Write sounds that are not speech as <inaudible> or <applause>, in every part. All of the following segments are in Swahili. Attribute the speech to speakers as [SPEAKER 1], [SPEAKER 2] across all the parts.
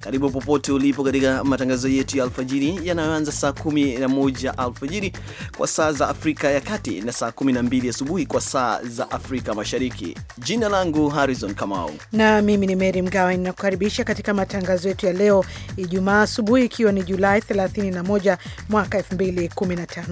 [SPEAKER 1] Karibu popote ulipo katika matangazo yetu ya alfajiri yanayoanza saa 11 alfajiri kwa saa za Afrika ya Kati na saa 12 asubuhi kwa saa za Afrika Mashariki. Jina langu Harrison Kamau
[SPEAKER 2] na mimi ni Mary Mgawe, ninakukaribisha katika matangazo yetu ya leo Ijumaa asubuhi, ikiwa ni Julai 31 mwaka 2015.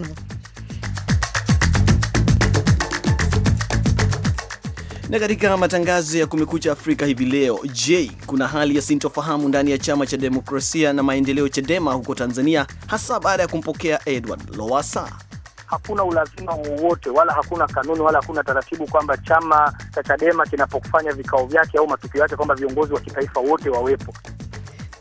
[SPEAKER 1] Na katika matangazo ya Kumekucha Afrika hivi leo, je, kuna hali ya sintofahamu ndani ya chama cha demokrasia na maendeleo CHADEMA huko Tanzania, hasa baada ya kumpokea Edward Lowassa? Hakuna
[SPEAKER 3] ulazima wowote wala hakuna kanuni wala hakuna taratibu kwamba chama cha CHADEMA kinapofanya vikao vyake au matukio yake kwamba viongozi wa kitaifa wote wawepo.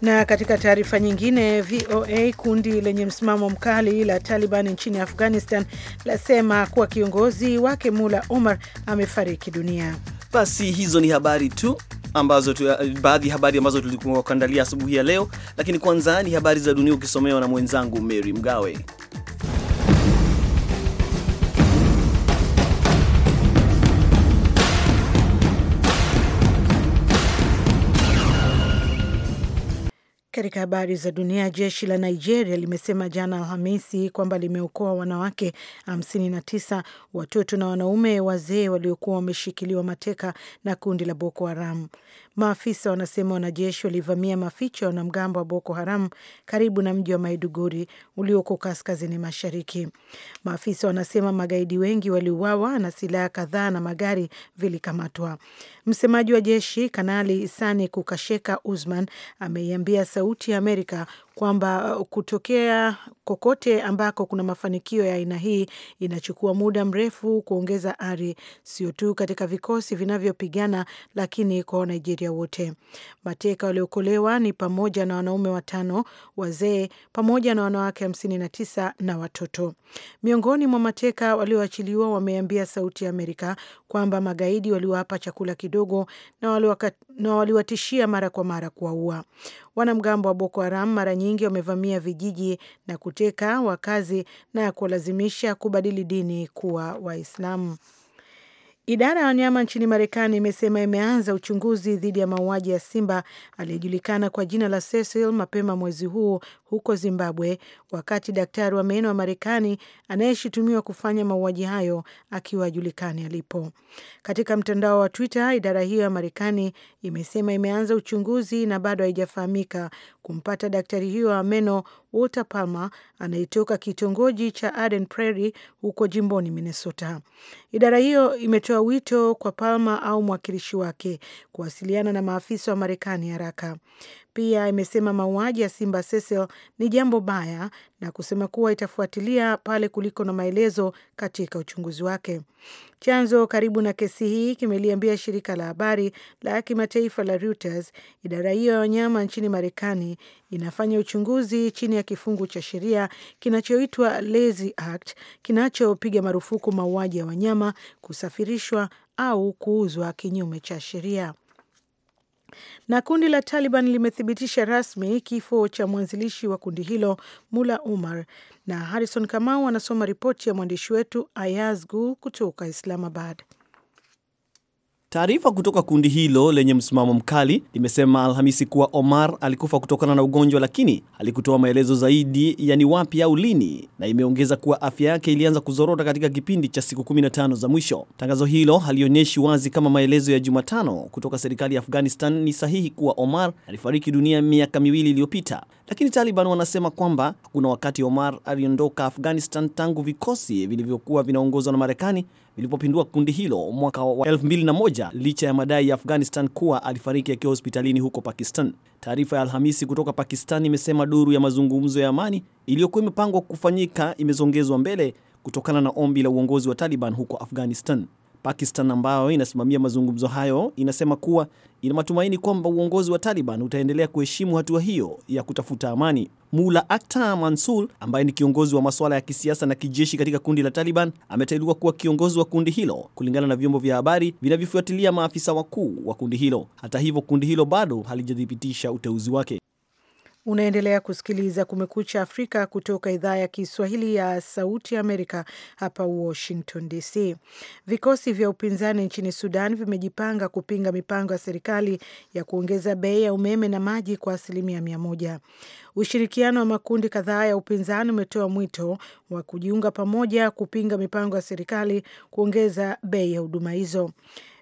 [SPEAKER 2] Na katika taarifa nyingine, VOA kundi lenye msimamo mkali la Taliban nchini Afghanistan lasema kuwa kiongozi wake Mula Omar amefariki dunia.
[SPEAKER 1] Basi hizo ni habari tu ambazo tu, baadhi ya habari ambazo tulikuwa kuandalia asubuhi ya leo, lakini kwanza ni habari za dunia ukisomewa na mwenzangu Mary Mgawe.
[SPEAKER 2] Katika habari za dunia, jeshi la Nigeria limesema jana Alhamisi kwamba limeokoa wanawake 59, watoto na wanaume wazee waliokuwa wameshikiliwa mateka na kundi la Boko Haram. Maafisa wanasema wanajeshi walivamia maficho ya wanamgambo wa Boko Haram karibu na mji wa Maiduguri ulioko kaskazini mashariki. Maafisa wanasema magaidi wengi waliuawa na silaha kadhaa na magari vilikamatwa. Msemaji wa jeshi Kanali Sani Kukasheka Usman ameiambia Sauti ya Amerika kwamba uh, kutokea kokote ambako kuna mafanikio ya aina hii inachukua muda mrefu kuongeza ari, sio tu katika vikosi vinavyopigana, lakini kwa Wanigeria wote. Mateka waliokolewa ni pamoja na wanaume watano wazee, pamoja na wanawake hamsini na tisa na watoto. Miongoni mwa mateka walioachiliwa wameambia Sauti ya Amerika kwamba magaidi waliwapa chakula kidogo na waliwatishia mara kwa mara kuwaua. Wanamgambo wa Boko Haram mara nyingi nyingi wamevamia vijiji na kuteka wakazi na kuwalazimisha kubadili dini kuwa Waislamu. Idara ya wanyama nchini Marekani imesema imeanza uchunguzi dhidi ya mauaji ya simba aliyejulikana kwa jina la Cecil mapema mwezi huu huko Zimbabwe, wakati daktari wa meno wa Marekani anayeshutumiwa kufanya mauaji hayo akiwa ajulikani alipo. Katika mtandao wa Twitter, idara hiyo ya Marekani imesema imeanza uchunguzi na bado haijafahamika kumpata daktari hiyo wa meno Walter Palmer anayetoka kitongoji cha Aden Prairie huko jimboni Minnesota. Idara hiyo imetoa wito kwa Palmer au mwakilishi wake kuwasiliana na maafisa wa Marekani haraka. Pia imesema mauaji ya Simba Cecil ni jambo baya na kusema kuwa itafuatilia pale kuliko na maelezo katika uchunguzi wake. Chanzo karibu na kesi hii kimeliambia shirika la habari la kimataifa la Reuters idara hiyo ya wanyama nchini Marekani inafanya uchunguzi chini ya kifungu cha sheria kinachoitwa Lazy Act kinachopiga marufuku mauaji ya wanyama kusafirishwa au kuuzwa kinyume cha sheria. Na kundi la Taliban limethibitisha rasmi kifo cha mwanzilishi wa kundi hilo Mula Umar. Na Harrison Kamau anasoma ripoti ya mwandishi wetu Ayaz Gul kutoka Islamabad.
[SPEAKER 1] Taarifa kutoka kundi hilo lenye msimamo mkali limesema Alhamisi kuwa Omar alikufa kutokana na ugonjwa, lakini alikutoa maelezo zaidi ya ni wapi au lini, na imeongeza kuwa afya yake ilianza kuzorota katika kipindi cha siku 15 za mwisho. Tangazo hilo halionyeshi wazi kama maelezo ya Jumatano kutoka serikali ya Afghanistan ni sahihi kuwa Omar alifariki dunia miaka miwili iliyopita, lakini Taliban wanasema kwamba kuna wakati Omar aliondoka Afghanistan tangu vikosi vilivyokuwa vinaongozwa na Marekani vilipopindua kundi hilo mwaka wa 2001 licha ya madai ya Afghanistan kuwa alifariki akiwa hospitalini huko Pakistan. Taarifa ya Alhamisi kutoka Pakistan imesema duru ya mazungumzo ya amani iliyokuwa imepangwa kufanyika imezongezwa mbele kutokana na ombi la uongozi wa Taliban huko Afghanistan. Pakistan ambayo inasimamia mazungumzo hayo inasema kuwa ina matumaini kwamba uongozi wa Taliban utaendelea kuheshimu hatua hiyo ya kutafuta amani. Mula akta Mansur ambaye ni kiongozi wa masuala ya kisiasa na kijeshi katika kundi la Taliban ameteuliwa kuwa kiongozi wa kundi hilo kulingana na vyombo vya habari vinavyofuatilia maafisa wakuu wa kundi hilo. Hata hivyo, kundi hilo bado halijathibitisha uteuzi wake.
[SPEAKER 2] Unaendelea kusikiliza Kumekucha Afrika kutoka idhaa ya Kiswahili ya Sauti ya Amerika, hapa Washington DC. Vikosi vya upinzani nchini Sudan vimejipanga kupinga mipango ya serikali ya kuongeza bei ya umeme na maji kwa asilimia mia moja. Ushirikiano wa makundi kadhaa ya upinzani umetoa mwito wa kujiunga pamoja kupinga mipango ya serikali kuongeza bei ya huduma hizo.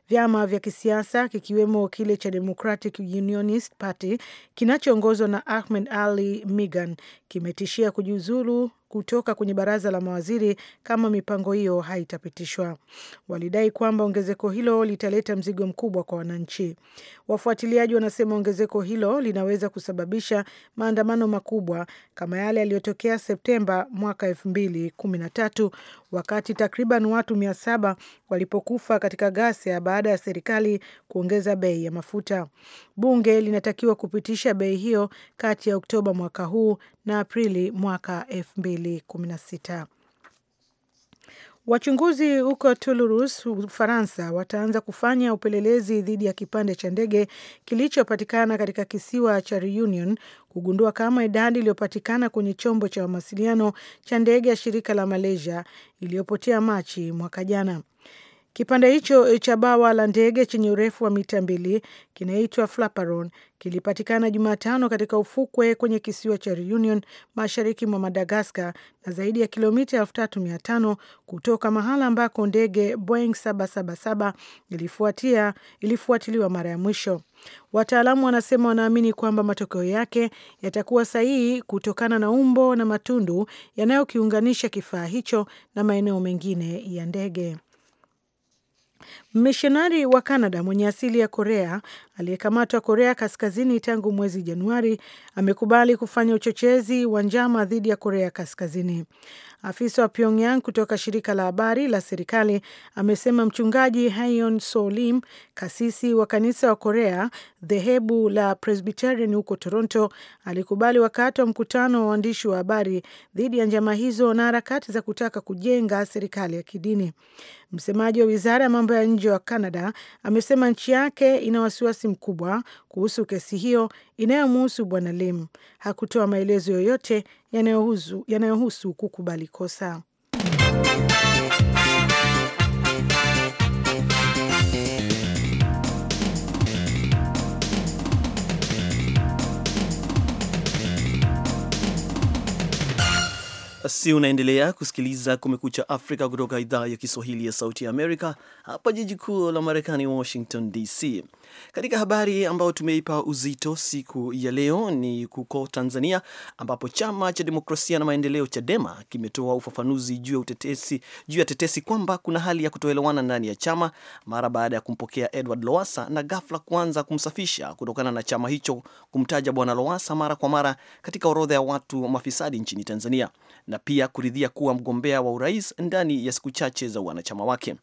[SPEAKER 2] Vyama vya kisiasa kikiwemo kile cha Democratic Unionist Party kinachoongozwa na Ahmed Ali Migan kimetishia kujiuzulu kutoka kwenye baraza la mawaziri kama mipango hiyo haitapitishwa. Walidai kwamba ongezeko hilo litaleta mzigo mkubwa kwa wananchi. Wafuatiliaji wanasema ongezeko hilo linaweza kusababisha maandamano makubwa kama yale yaliyotokea Septemba mwaka elfu mbili kumi na tatu wakati takriban watu mia saba walipokufa katika ghasia baada ya serikali kuongeza bei ya mafuta. Bunge linatakiwa kupitisha bei hiyo kati ya Oktoba mwaka huu na Aprili mwaka 2016. Wachunguzi huko Toulouse, Ufaransa, wataanza kufanya upelelezi dhidi ya kipande cha ndege kilichopatikana katika kisiwa cha Reunion kugundua kama idadi iliyopatikana kwenye chombo cha mawasiliano cha ndege ya shirika la Malaysia iliyopotea Machi mwaka jana. Kipande hicho eh, cha bawa la ndege chenye urefu wa mita mbili kinaitwa Flaparon kilipatikana Jumatano katika ufukwe kwenye kisiwa cha Reunion mashariki mwa Madagaskar na zaidi ya kilomita 3500 kutoka mahala ambako ndege Boeing 777 ilifuatia ilifuatiliwa mara ya mwisho. Wataalamu wanasema wanaamini kwamba matokeo yake yatakuwa sahihi kutokana na umbo na matundu yanayokiunganisha kifaa hicho na maeneo mengine ya ndege. Mmishonari wa Kanada mwenye asili ya Korea aliyekamatwa Korea Kaskazini tangu mwezi Januari amekubali kufanya uchochezi wa njama dhidi ya Korea Kaskazini. Afisa wa Pyongyang kutoka shirika la habari la serikali amesema mchungaji Hayon solim kasisi wa kanisa wa Korea dhehebu la Presbyterian huko Toronto alikubali wakati wa mkutano wa waandishi wa habari dhidi ya njama hizo na harakati za kutaka kujenga serikali ya kidini. Msemaji wa wizara ya mambo ya nje wa Canada amesema nchi yake ina wasiwasi mkubwa kuhusu kesi hiyo inayomuhusu Bwana Lim. Hakutoa maelezo yoyote yanayohusu kukubali kosa.
[SPEAKER 1] Si unaendelea kusikiliza Kumekucha Afrika kutoka idhaa ya Kiswahili ya Sauti ya Amerika, hapa jiji kuu la Marekani, Washington DC. Katika habari ambayo tumeipa uzito siku ya leo ni kuko Tanzania, ambapo chama cha demokrasia na maendeleo Chadema kimetoa ufafanuzi juu ya utetesi, juu ya tetesi kwamba kuna hali ya kutoelewana ndani ya chama mara baada ya kumpokea Edward Lowasa na ghafla kuanza kumsafisha kutokana na chama hicho kumtaja Bwana Lowasa mara kwa mara katika orodha ya watu mafisadi nchini Tanzania na pia kuridhia kuwa mgombea wa urais ndani ya siku chache za wanachama wake.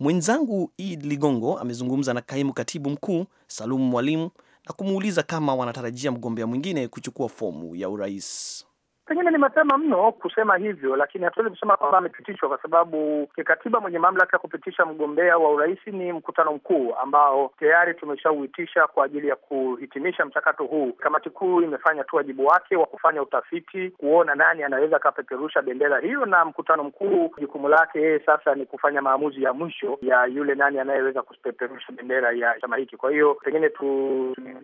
[SPEAKER 1] Mwenzangu Ed Ligongo amezungumza na kaimu katibu mkuu Salumu Mwalimu na kumuuliza kama wanatarajia mgombea mwingine kuchukua fomu ya urais.
[SPEAKER 3] Pengine ni mapema mno kusema hivyo, lakini hatuwezi kusema kwamba amepitishwa, kwa sababu kikatiba mwenye mamlaka ya kupitisha mgombea wa urais ni mkutano mkuu ambao tayari tumeshauitisha kwa ajili ya kuhitimisha mchakato huu. Kamati kuu imefanya tu wajibu wake wa kufanya utafiti, kuona nani anaweza akapeperusha bendera hiyo, na mkutano mkuu jukumu lake yeye sasa ni kufanya maamuzi ya mwisho ya yule nani anayeweza kupeperusha bendera ya chama hiki. Kwa hiyo pengine tu,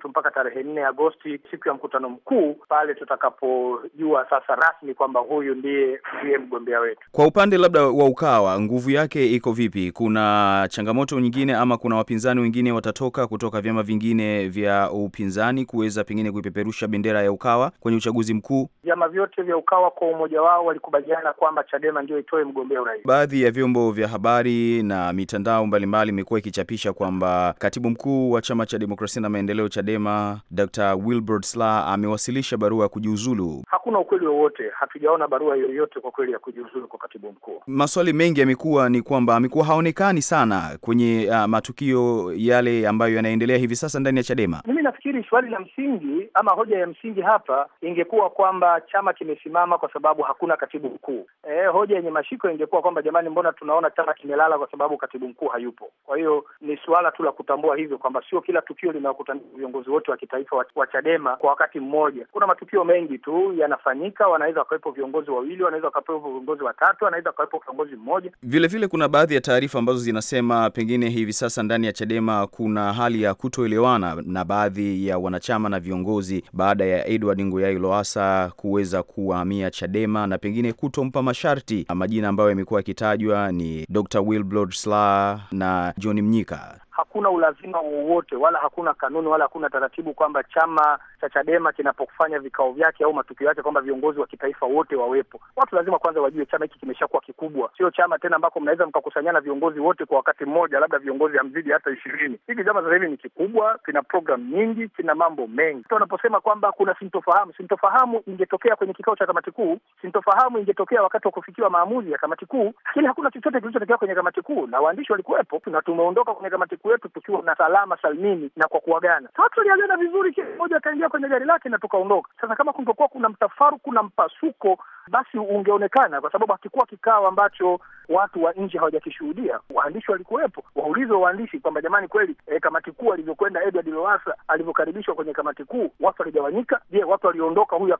[SPEAKER 3] tu mpaka tarehe nne Agosti, siku ya mkutano mkuu pale tutakapojua sasa rasmi kwamba huyu ndiye ndiye mgombea wetu.
[SPEAKER 4] Kwa upande labda wa Ukawa, nguvu yake iko vipi? Kuna changamoto nyingine ama kuna wapinzani wengine watatoka kutoka vyama vingine vya upinzani kuweza pengine kuipeperusha bendera ya Ukawa kwenye uchaguzi mkuu?
[SPEAKER 3] Vyama vyote vya Ukawa kwa umoja wao walikubaliana kwamba Chadema ndio itoe mgombea urais.
[SPEAKER 4] Baadhi ya vyombo vya habari na mitandao mbalimbali imekuwa ikichapisha kwamba katibu mkuu wa chama cha demokrasia na maendeleo Chadema Dr. Wilbrod Slaa amewasilisha barua ya kujiuzulu.
[SPEAKER 3] Hakuna ukweli ukweli wowote, hatujaona barua yoyote kwa kweli ya kujiuzulu kwa katibu mkuu.
[SPEAKER 4] Maswali mengi yamekuwa ni kwamba amekuwa haonekani sana kwenye uh, matukio yale ambayo yanaendelea hivi sasa ndani ya Chadema.
[SPEAKER 3] Mimi nafikiri swali la msingi ama hoja ya msingi hapa ingekuwa kwamba chama kimesimama kwa sababu hakuna katibu mkuu. E, hoja yenye mashiko ingekuwa kwamba jamani, mbona tunaona chama kimelala kwa sababu katibu mkuu hayupo? Kwa hiyo ni suala tu la kutambua hivyo kwamba sio kila tukio linakutana viongozi wote wa kitaifa wa Chadema kwa wakati mmoja. Kuna matukio mengi tu yanafanyika kadhalika. Wanaweza wakawepo viongozi wawili, wanaweza wakawepo viongozi watatu, wanaweza wakawepo kiongozi mmoja.
[SPEAKER 4] Vile vile kuna baadhi ya taarifa ambazo zinasema pengine hivi sasa ndani ya Chadema kuna hali ya kutoelewana na baadhi ya wanachama na viongozi baada ya Edward Nguyai loasa kuweza kuhamia Chadema na pengine kutompa masharti. Majina ambayo yamekuwa yakitajwa ni Dr. Wilbrod Slaa na John Mnyika
[SPEAKER 3] hakuna ulazima wowote wala hakuna kanuni wala hakuna taratibu kwamba chama cha Chadema kinapofanya vikao vyake au matukio yake kwamba viongozi wa kitaifa wote wawepo. Watu lazima kwanza wajue chama hiki kimeshakuwa kikubwa, sio chama tena ambako mnaweza mkakusanyana viongozi wote kwa wakati mmoja, labda viongozi hamzidi hata ishirini. Hiki chama sasa hivi ni kikubwa, kina program nyingi, kina mambo mengi. Wanaposema kwamba kuna sintofahamu, sintofahamu ingetokea kwenye kikao cha kamati kuu, sintofahamu ingetokea wakati wa kufikiwa maamuzi ya kamati kuu, lakini hakuna chochote kilichotokea kwenye kamati kuu, na waandishi walikuwepo na tumeondoka kwenye kamati kwetu tukiwa na salama salmini na kwa kuagana. Sasa tuliagana vizuri, kila mmoja akaingia kwenye gari lake na tukaondoka. Sasa kama kungekuwa kuna mtafaruku, kuna mpasuko, basi ungeonekana, kwa sababu hakikuwa kikao ambacho watu wa nje hawajakishuhudia. Waandishi walikuwepo, waulizwe waandishi kwamba jamani, kweli e, kamati kuu alivyokwenda Edward Lowassa alivyokaribishwa kwenye kamati kuu, watu waligawanyika. Je, watu waliondoka, huyu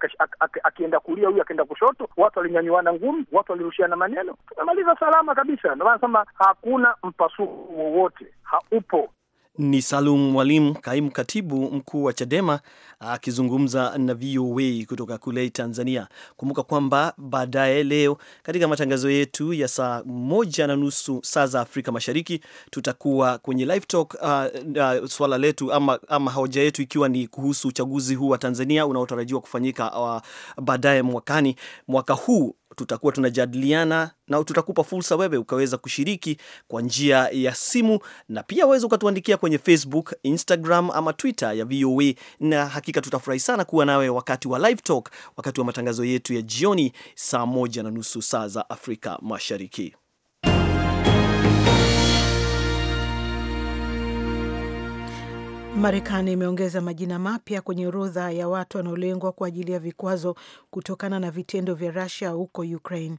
[SPEAKER 3] akienda kulia, huyu akienda kushoto? Watu walinyanyuana ngumi, watu walirushiana maneno? Tumemaliza salama kabisa. Ndio maana hakuna mpasuko wowote upo.
[SPEAKER 1] Ni Salum Mwalimu, kaimu katibu mkuu wa CHADEMA akizungumza na VOA kutoka kule Tanzania. Kumbuka kwamba baadaye leo katika matangazo yetu ya saa moja na nusu saa za Afrika Mashariki tutakuwa kwenye live talk. Uh, uh, swala letu ama, ama hoja yetu ikiwa ni kuhusu uchaguzi huu wa Tanzania unaotarajiwa kufanyika uh, baadaye mwakani mwaka huu tutakuwa tunajadiliana na tutakupa fursa wewe ukaweza kushiriki kwa njia ya simu, na pia waweza ukatuandikia kwenye Facebook, Instagram ama Twitter ya VOA, na hakika tutafurahi sana kuwa nawe wakati wa live talk, wakati wa matangazo yetu ya jioni saa moja na nusu saa za Afrika Mashariki.
[SPEAKER 2] Marekani imeongeza majina mapya kwenye orodha ya watu wanaolengwa kwa ajili ya vikwazo kutokana na vitendo vya Rusia huko Ukraine.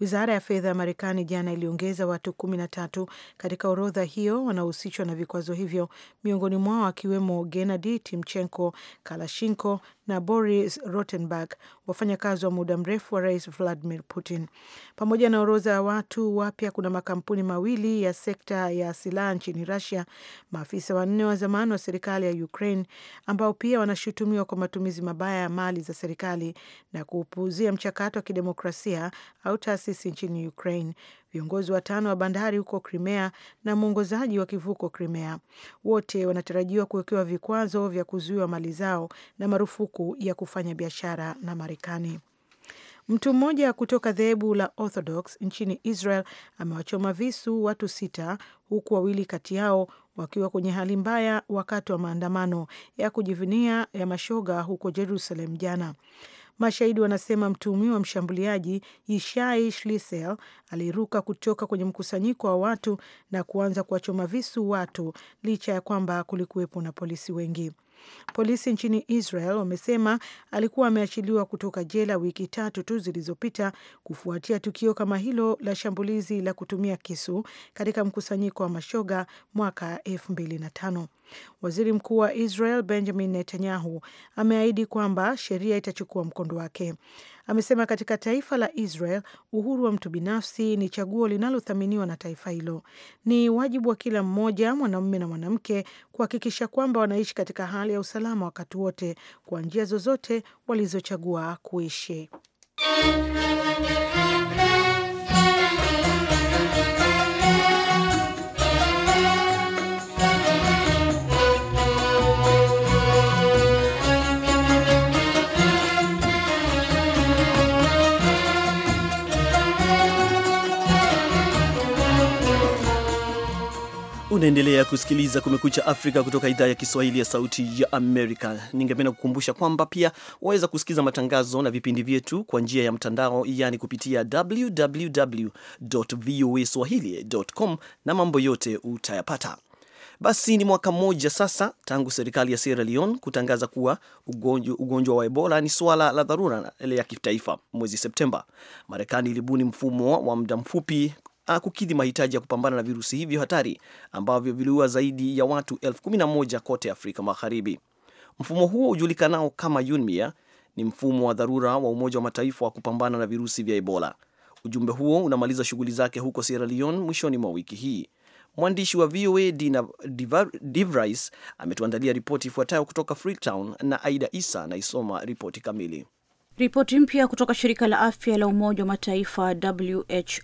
[SPEAKER 2] Wizara ya fedha ya Marekani jana iliongeza watu kumi na tatu katika orodha hiyo wanaohusishwa na vikwazo hivyo, miongoni mwao akiwemo Gennadi Timchenko Kalashinko na Boris Rottenberg, wafanyakazi wa muda mrefu wa rais Vladimir Putin. Pamoja na orodha ya watu wapya, kuna makampuni mawili ya sekta ya silaha nchini rasia maafisa wanne wa zamani wa serikali ya Ukraine ambao pia wanashutumiwa kwa matumizi mabaya ya mali za serikali na kuupuuzia mchakato wa kidemokrasia au taasisi nchini Ukraine viongozi watano wa bandari huko Crimea na mwongozaji wa kivuko Crimea. Wote wanatarajiwa kuwekewa vikwazo vya kuzuiwa mali zao na marufuku ya kufanya biashara na Marekani. Mtu mmoja kutoka dhehebu la Orthodox nchini Israel amewachoma visu watu sita huku wawili kati yao wakiwa kwenye hali mbaya wakati wa maandamano ya kujivunia ya mashoga huko Jerusalem jana. Mashahidi wanasema mtuhumiwa mshambuliaji Yishai Shlisel aliruka kutoka kwenye mkusanyiko wa watu na kuanza kuwachoma visu watu licha ya kwamba kulikuwepo na polisi wengi. Polisi nchini Israel wamesema alikuwa ameachiliwa kutoka jela wiki tatu tu zilizopita kufuatia tukio kama hilo la shambulizi la kutumia kisu katika mkusanyiko wa mashoga mwaka elfu mbili na tano. Waziri Mkuu wa Israel Benjamin Netanyahu ameahidi kwamba sheria itachukua mkondo wake. Amesema katika taifa la Israel uhuru wa mtu binafsi ni chaguo linalothaminiwa na taifa hilo. Ni wajibu wa kila mmoja, mwanamume na mwanamke, kuhakikisha kwamba wanaishi katika hali ya usalama wakati wote kwa njia zozote walizochagua kuishi.
[SPEAKER 1] Unaendelea kusikiliza Kumekucha Afrika kutoka idhaa ya Kiswahili ya Sauti ya Amerika. Ningependa kukumbusha kwamba pia waweza kusikiliza matangazo na vipindi vyetu kwa njia ya mtandao, yaani kupitia swahilicom na mambo yote utayapata. Basi ni mwaka mmoja sasa tangu serikali ya Sierra Leone kutangaza kuwa ugonjwa, ugonjwa wa Ebola ni suala la dharura ya kitaifa. Mwezi Septemba, Marekani ilibuni mfumo wa muda mfupi Uh, kukidhi mahitaji ya kupambana na virusi hivyo hatari ambavyo viliua zaidi ya watu elfu kumi na moja kote Afrika Magharibi. Mfumo huo ujulikanao kama UNMIA ni mfumo wa dharura wa Umoja wa Mataifa wa kupambana na virusi vya Ebola. Ujumbe huo unamaliza shughuli zake huko Sierra Leone mwishoni mwa wiki hii. Mwandishi wa VOA Dina ametuandalia ripoti ifuatayo kutoka Freetown na Aida Isa anaisoma ripoti kamili.
[SPEAKER 5] Ripoti mpya kutoka shirika la afya la Umoja wa Mataifa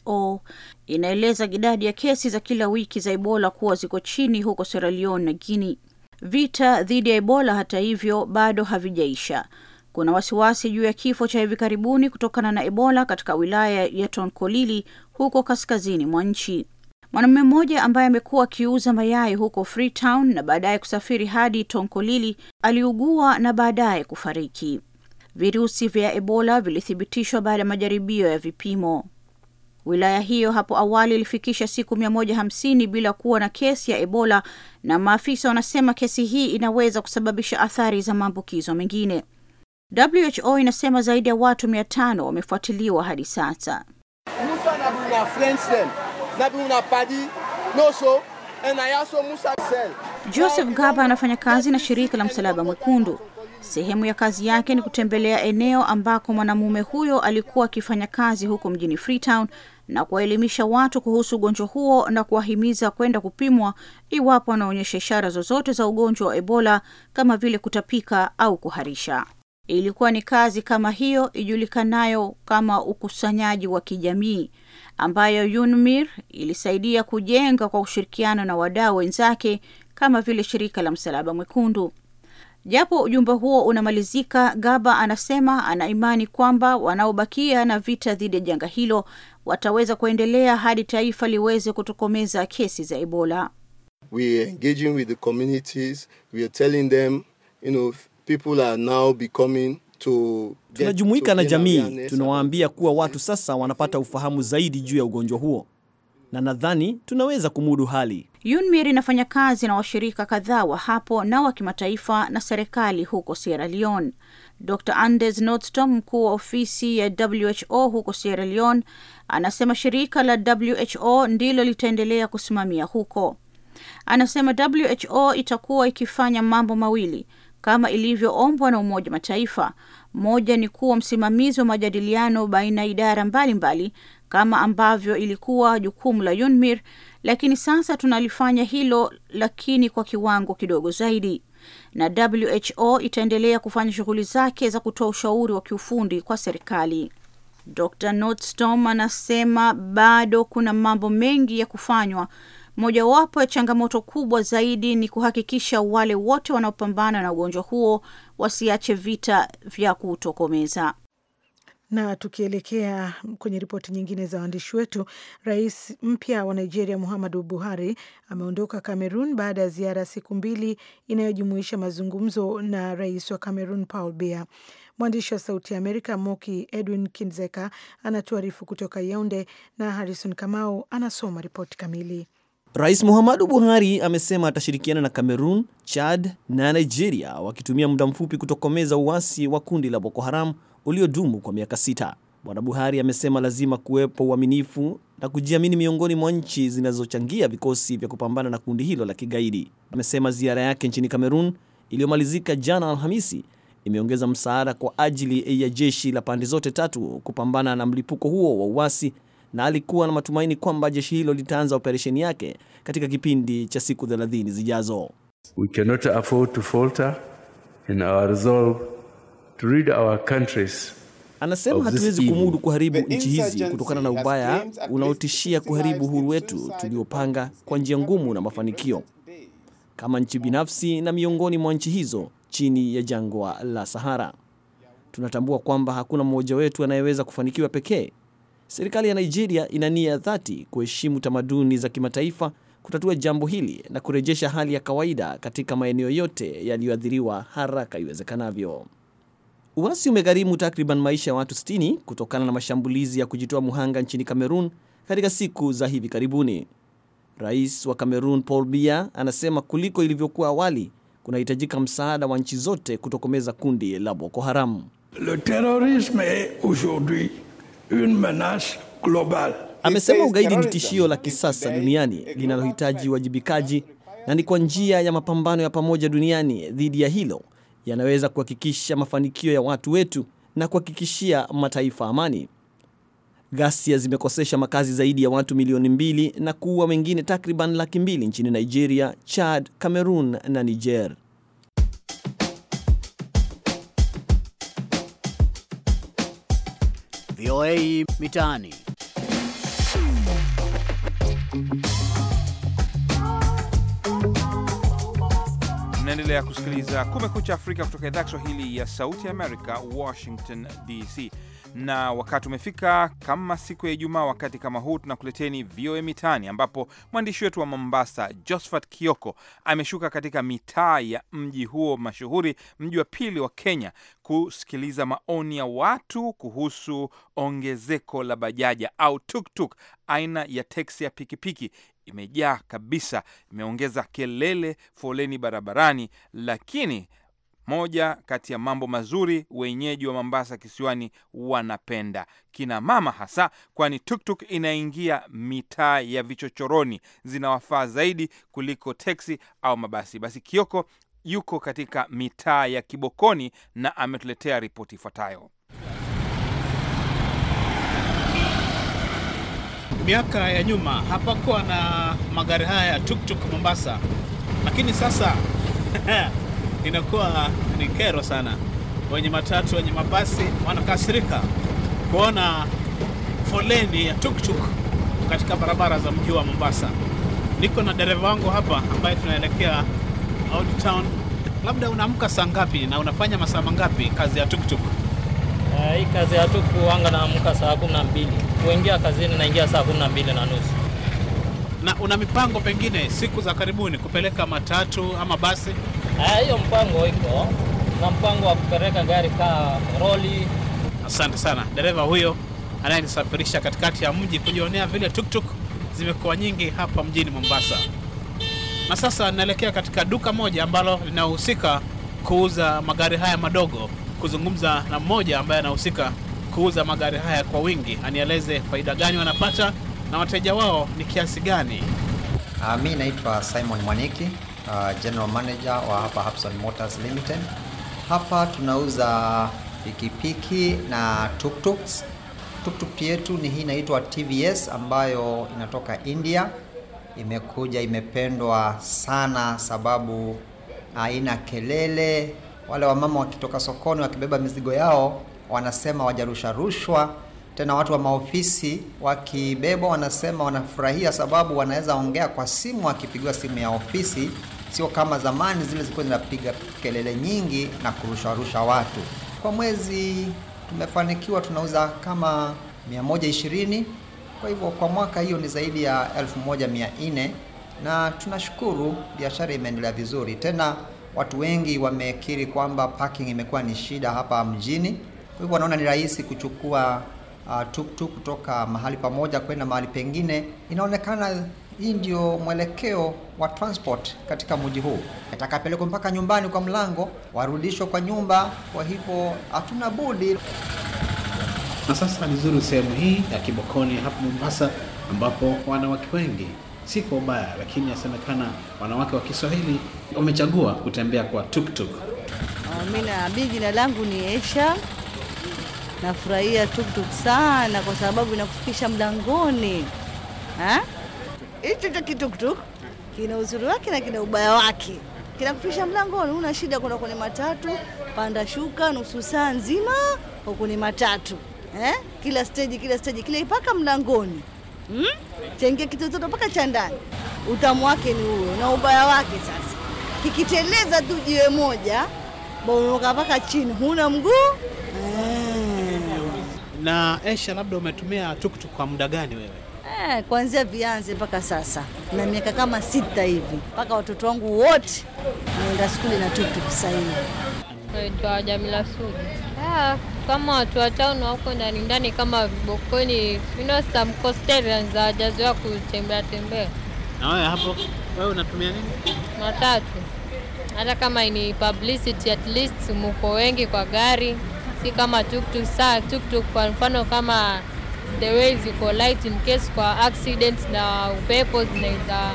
[SPEAKER 5] WHO inaeleza idadi ya kesi za kila wiki za Ebola kuwa ziko chini huko Sierra Leone na Guinea. Vita dhidi ya Ebola, hata hivyo, bado havijaisha. Kuna wasiwasi juu ya kifo cha hivi karibuni kutokana na Ebola katika wilaya ya Tonkolili huko kaskazini mwa nchi. Mwanamume mmoja ambaye amekuwa akiuza mayai huko Freetown na baadaye kusafiri hadi Tonkolili aliugua na baadaye kufariki virusi vya Ebola vilithibitishwa baada ya majaribio ya vipimo. Wilaya hiyo hapo awali ilifikisha siku mia hamsini bila kuwa na kesi ya Ebola, na maafisa wanasema kesi hii inaweza kusababisha athari za maambukizo mengine. WHO inasema zaidi ya watu mia tano wamefuatiliwa hadi sasa. Joseph Gaba anafanya kazi na shirika la Msalaba Mwekundu. Sehemu ya kazi yake ni kutembelea eneo ambako mwanamume huyo alikuwa akifanya kazi huko mjini Freetown na kuwaelimisha watu kuhusu ugonjwa huo na kuwahimiza kwenda kupimwa iwapo wanaonyesha ishara zozote za ugonjwa wa Ebola kama vile kutapika au kuharisha. Ilikuwa ni kazi kama hiyo ijulikanayo kama ukusanyaji wa kijamii ambayo UNMIR ilisaidia kujenga kwa ushirikiano na wadau wenzake kama vile shirika la Msalaba Mwekundu. Japo ujumbe huo unamalizika, Gaba anasema ana imani kwamba wanaobakia na vita dhidi ya janga hilo wataweza kuendelea hadi taifa liweze kutokomeza kesi za Ebola.
[SPEAKER 6] We are engaging with the communities. We are telling them, you know, people are now becoming to...
[SPEAKER 5] Tunajumuika na jamii,
[SPEAKER 1] tunawaambia kuwa watu sasa wanapata ufahamu zaidi juu ya ugonjwa huo na nadhani tunaweza kumudu hali.
[SPEAKER 5] UNMIR inafanya kazi na washirika kadhaa wa hapo na wa kimataifa na serikali huko Sierra Leone. Dr Andes nordstom mkuu wa ofisi ya WHO huko Sierra Leone, anasema shirika la WHO ndilo litaendelea kusimamia huko. Anasema WHO itakuwa ikifanya mambo mawili kama ilivyoombwa na Umoja Mataifa. Moja ni kuwa msimamizi wa majadiliano baina ya idara mbalimbali mbali, kama ambavyo ilikuwa jukumu la Yunmir, lakini sasa tunalifanya hilo, lakini kwa kiwango kidogo zaidi, na WHO itaendelea kufanya shughuli zake za kutoa ushauri wa kiufundi kwa serikali. Dr Nordstrom anasema bado kuna mambo mengi ya kufanywa. Mojawapo ya changamoto kubwa zaidi ni kuhakikisha wale wote wanaopambana na ugonjwa huo wasiache vita vya kutokomeza
[SPEAKER 2] na tukielekea kwenye ripoti nyingine za waandishi wetu, rais mpya wa Nigeria Muhammadu Buhari ameondoka Cameroon baada ya ziara ya siku mbili inayojumuisha mazungumzo na rais wa Cameroon Paul Biya. Mwandishi wa Sauti ya Amerika Moki Edwin Kinzeka anatuarifu kutoka Yaunde na Harrison Kamau anasoma ripoti kamili.
[SPEAKER 1] Rais Muhammadu Buhari amesema atashirikiana na cameron Chad na Nigeria wakitumia muda mfupi kutokomeza uasi wa kundi la Boko Haram uliodumu kwa miaka sita. Bwana Buhari amesema lazima kuwepo uaminifu na kujiamini miongoni mwa nchi zinazochangia vikosi vya kupambana na kundi hilo la kigaidi. Amesema ziara yake nchini Kamerun iliyomalizika jana Alhamisi imeongeza msaada kwa ajili ya jeshi la pande zote tatu kupambana na mlipuko huo wa uasi na alikuwa na matumaini kwamba jeshi hilo litaanza operesheni yake katika kipindi cha siku 30 zijazo.
[SPEAKER 6] We cannot afford to falter in our resolve to rid our countries
[SPEAKER 1] Anasema hatuwezi kumudu kuharibu nchi hizi kutokana na ubaya unaotishia kuharibu uhuru wetu tuliopanga kwa njia ngumu na mafanikio, kama nchi binafsi na miongoni mwa nchi hizo chini ya jangwa la Sahara. Tunatambua kwamba hakuna mmoja wetu anayeweza kufanikiwa pekee. Serikali ya Nigeria ina nia ya dhati kuheshimu tamaduni za kimataifa, kutatua jambo hili na kurejesha hali ya kawaida katika maeneo yote yaliyoathiriwa haraka iwezekanavyo. Uasi umegharimu takriban maisha ya watu 60 kutokana na mashambulizi ya kujitoa muhanga nchini Kamerun katika siku za hivi karibuni. Rais wa Kamerun Paul Biya anasema kuliko ilivyokuwa awali kunahitajika msaada wa nchi zote kutokomeza kundi la Boko Haram.
[SPEAKER 6] Le terrorisme
[SPEAKER 4] aujourd'hui une menace globale. Amesema ugaidi ni tishio
[SPEAKER 1] la kisasa duniani linalohitaji uwajibikaji na ni kwa njia ya mapambano ya pamoja duniani dhidi ya hilo yanaweza kuhakikisha mafanikio ya watu wetu na kuhakikishia mataifa amani. Ghasia zimekosesha makazi zaidi ya watu milioni mbili na kuua wengine takriban laki mbili nchini Nigeria, Chad, Cameroon na Niger.
[SPEAKER 6] VOA Mitaani. naendelea kusikiliza Kumekucha Afrika kutoka idhaa Kiswahili ya Sauti ya Amerika, Washington DC, na wakati umefika kama siku ya Ijumaa, wakati kama huu tunakuleteni VOA Mitaani, ambapo mwandishi wetu wa Mombasa Josephat Kioko ameshuka katika mitaa ya mji huo mashuhuri, mji wa pili wa Kenya, kusikiliza maoni ya watu kuhusu ongezeko la bajaja au tuktuk, aina ya teksi ya pikipiki imejaa kabisa, imeongeza kelele, foleni barabarani. Lakini moja kati ya mambo mazuri wenyeji wa Mombasa kisiwani wanapenda kina mama hasa, kwani tuktuk inaingia mitaa ya vichochoroni, zinawafaa zaidi kuliko teksi au mabasi. Basi Kioko yuko katika mitaa ya Kibokoni na ametuletea ripoti ifuatayo. Miaka ya nyuma hapakuwa na magari haya ya tuktuk Mombasa, lakini sasa <laughs> inakuwa ni kero sana. Wenye matatu, wenye mabasi wanakasirika kuona foleni ya tuktuk katika barabara za mji wa Mombasa. Niko na dereva wangu hapa ambaye tunaelekea Old Town. Labda unaamka saa ngapi na unafanya masaa mangapi kazi ya tuktuk? Uh, hii kazi ya tuktuk wanga naamka saa kumi na mbili kuingia kazini naingia saa kumi na mbili na nusu. Na una mipango pengine siku za karibuni kupeleka matatu ama basi? Ah, hiyo mpango iko na mpango wa kupeleka gari kaa roli. Asante sana dereva huyo anayenisafirisha katikati ya mji kujionea vile tuktuk zimekuwa nyingi hapa mjini Mombasa. Na sasa naelekea katika duka moja ambalo linahusika kuuza magari haya madogo, kuzungumza na mmoja ambaye anahusika kuuza magari haya kwa wingi, anieleze faida gani wanapata na wateja wao ni kiasi
[SPEAKER 7] gani. Uh, mi naitwa Simon Mwaniki, uh, general manager wa hapa Hapson Motors Limited. Hapa tunauza pikipiki na tuktuks. Tuktuk yetu ni hii inaitwa TVS ambayo inatoka India. Imekuja imependwa sana sababu haina kelele. Wale wamama wakitoka sokoni wakibeba mizigo yao wanasema wajarusha rushwa tena watu wa maofisi wakibebwa wanasema wanafurahia sababu wanaweza ongea kwa simu, wakipigiwa simu ya ofisi, sio kama zamani zile zilikuwa zinapiga kelele nyingi na kurusharusha watu. Kwa mwezi tumefanikiwa tunauza kama 120. Kwa hivyo kwa mwaka hiyo ni zaidi ya 1400 na tunashukuru biashara imeendelea vizuri. Tena watu wengi wamekiri kwamba parking imekuwa ni shida hapa mjini hivyo wanaona ni rahisi kuchukua ah, tuktuk uh, kutoka mahali pamoja kwenda mahali pengine. Inaonekana hii ndio mwelekeo wa transport katika mji huu, atakapelekwa mpaka nyumbani kwa mlango, warudishwa kwa nyumba. Kwa hivyo hatuna budi. Na sasa nizuru sehemu hii ya Kibokoni hapa Mombasa, ambapo wanawake
[SPEAKER 6] wengi si kwa ubaya, lakini yasemekana wanawake wa Kiswahili wamechagua kutembea kwa tuktuk.
[SPEAKER 8] Ah, mimi na jina langu ni Esha Nafurahia tuktuk sana kwa sababu inakufikisha mlangoni. hicho cha kituktuk kina uzuri wake na kina ubaya wake. Kinakufikisha mlangoni, una shida kwenda kwenye matatu, panda shuka, nusu saa nzima kwenye matatu eh? Kila steji kila steji kila ipaka mlangoni hmm? Chaingia kitoto mpaka cha ndani. Utamu wake ni huo na ubaya wake sasa, kikiteleza tu jiwe moja bomoka mpaka chini, huna mguu eh.
[SPEAKER 6] Na Esha, labda umetumia tuktuk kwa muda gani wewe?
[SPEAKER 8] Eh, kuanzia vianze mpaka sasa na miaka kama sita hivi, mpaka watoto wangu wote wanaenda skuli na tuktuk sasa hivi.
[SPEAKER 2] Naitwa Jamila Sudi. Ah, kama watu wa town wako ndani ndani kama vibokoni, you know some coastalians hawajazoea kutembea tembea.
[SPEAKER 6] Na wewe hapo, wewe unatumia nini?
[SPEAKER 2] Matatu. Hata kama ni publicity, at least muko wengi kwa gari si kama tuktuk. Saa tuktuk
[SPEAKER 8] kwa mfano kama the way ziko light in case kwa accident na upepo zinaweza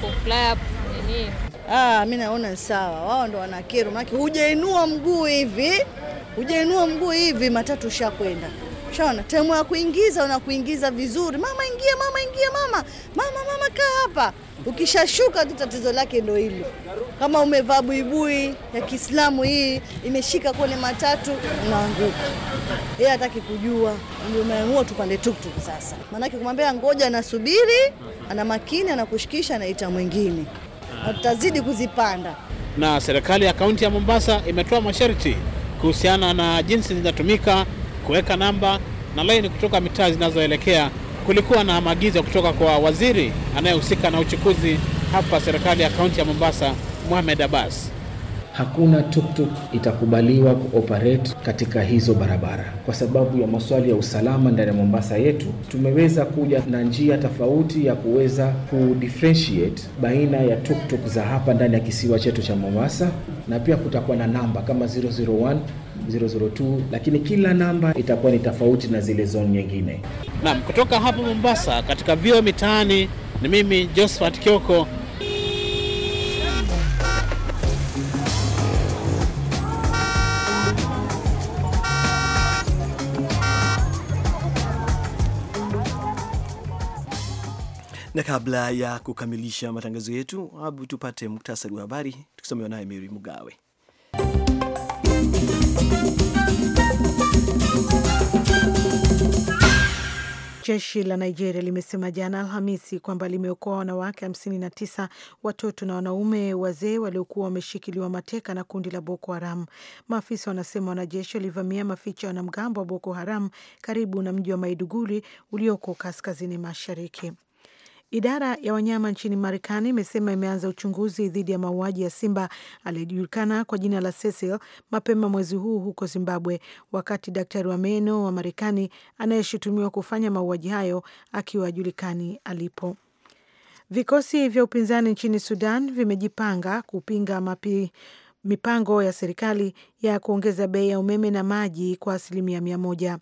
[SPEAKER 8] kufly up nini. Ah, mimi naona sawa, wao ndo wanakero, maana hujainua mguu hivi, hujainua mguu hivi matatu shakwenda. Shaona, temu ya kuingiza unakuingiza vizuri, mama ingia, mama ingia, mama mama, mama kaa hapa. Ukishashuka tu tatizo lake ndo hili Kama umevaa buibui ya Kiislamu hii imeshika kone matatu, unaanguka. Yeye hataki kujua, ndio umeamua tupande tuktuk sasa. Maanake kumwambia ngoja, anasubiri, ana makini, anakushikisha, anaita mwingine, na tutazidi kuzipanda.
[SPEAKER 6] Na serikali ya kaunti ya Mombasa imetoa masharti kuhusiana na jinsi zinatumika kuweka namba na laini kutoka mitaa zinazoelekea. Kulikuwa na maagizo kutoka kwa waziri anayehusika na uchukuzi hapa serikali ya kaunti ya Mombasa, Mohamed Abbas hakuna tuktuk itakubaliwa kuoperate katika hizo barabara kwa sababu ya maswali ya usalama ndani ya Mombasa yetu. Tumeweza kuja na njia tofauti ya kuweza kudifferentiate baina ya tuktuk za hapa ndani ya kisiwa chetu cha Mombasa, na pia kutakuwa na namba kama 001 002 lakini kila namba itakuwa ni tofauti na zile zone nyingine. Naam, kutoka hapa Mombasa katika vio mitaani, ni mimi Josephat Kioko
[SPEAKER 1] Na kabla ya kukamilisha matangazo yetu, abu tupate muktasari wa habari tukisomewa naye Mary Mugawe.
[SPEAKER 2] Jeshi la Nigeria limesema jana Alhamisi kwamba limeokoa wanawake 59 watoto na wanaume wazee waliokuwa wameshikiliwa mateka na kundi la Boko Haram. Maafisa wanasema wanajeshi walivamia maficha ya wanamgambo wa Boko Haram karibu na mji wa Maiduguri ulioko kaskazini mashariki. Idara ya wanyama nchini Marekani imesema imeanza uchunguzi dhidi ya mauaji ya simba aliyejulikana kwa jina la Cecil mapema mwezi huu huko Zimbabwe, wakati daktari wa meno wa Marekani anayeshutumiwa kufanya mauaji hayo akiwa ajulikani alipo. Vikosi vya upinzani nchini Sudan vimejipanga kupinga mapi mipango ya serikali ya kuongeza bei ya umeme na maji kwa asilimia mia moja.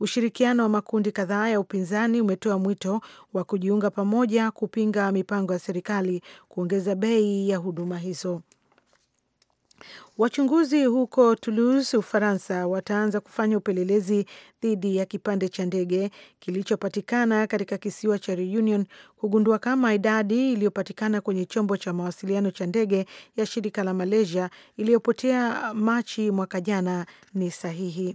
[SPEAKER 2] Ushirikiano wa makundi kadhaa ya upinzani umetoa mwito wa kujiunga pamoja kupinga mipango ya serikali kuongeza bei ya huduma hizo. Wachunguzi huko Toulouse, Ufaransa, wataanza kufanya upelelezi dhidi ya kipande cha ndege kilichopatikana katika kisiwa cha Reunion kugundua kama idadi iliyopatikana kwenye chombo cha mawasiliano cha ndege ya shirika la Malaysia iliyopotea Machi mwaka jana ni sahihi.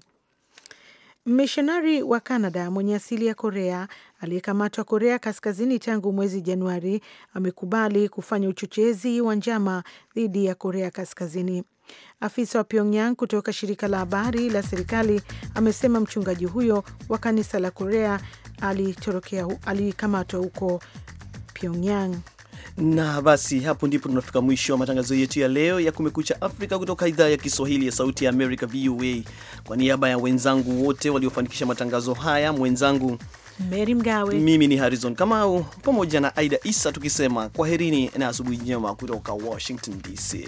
[SPEAKER 2] Mmishonari wa canada mwenye asili ya Korea aliyekamatwa Korea Kaskazini tangu mwezi Januari amekubali kufanya uchochezi wa njama dhidi ya Korea Kaskazini. Afisa wa Pyongyang kutoka shirika la habari la serikali amesema mchungaji huyo wa kanisa la Korea alikamatwa huko Pyongyang.
[SPEAKER 1] Na basi hapo ndipo tunafika mwisho wa matangazo yetu ya leo ya Kumekucha Afrika kutoka idhaa ya Kiswahili ya Sauti ya Amerika, VOA. Kwa niaba ya wenzangu wote waliofanikisha matangazo haya, mwenzangu
[SPEAKER 2] Meri Mgawe, mimi
[SPEAKER 1] ni Harrison Kamau pamoja na Aida Isa tukisema kwaherini na asubuhi njema kutoka Washington DC.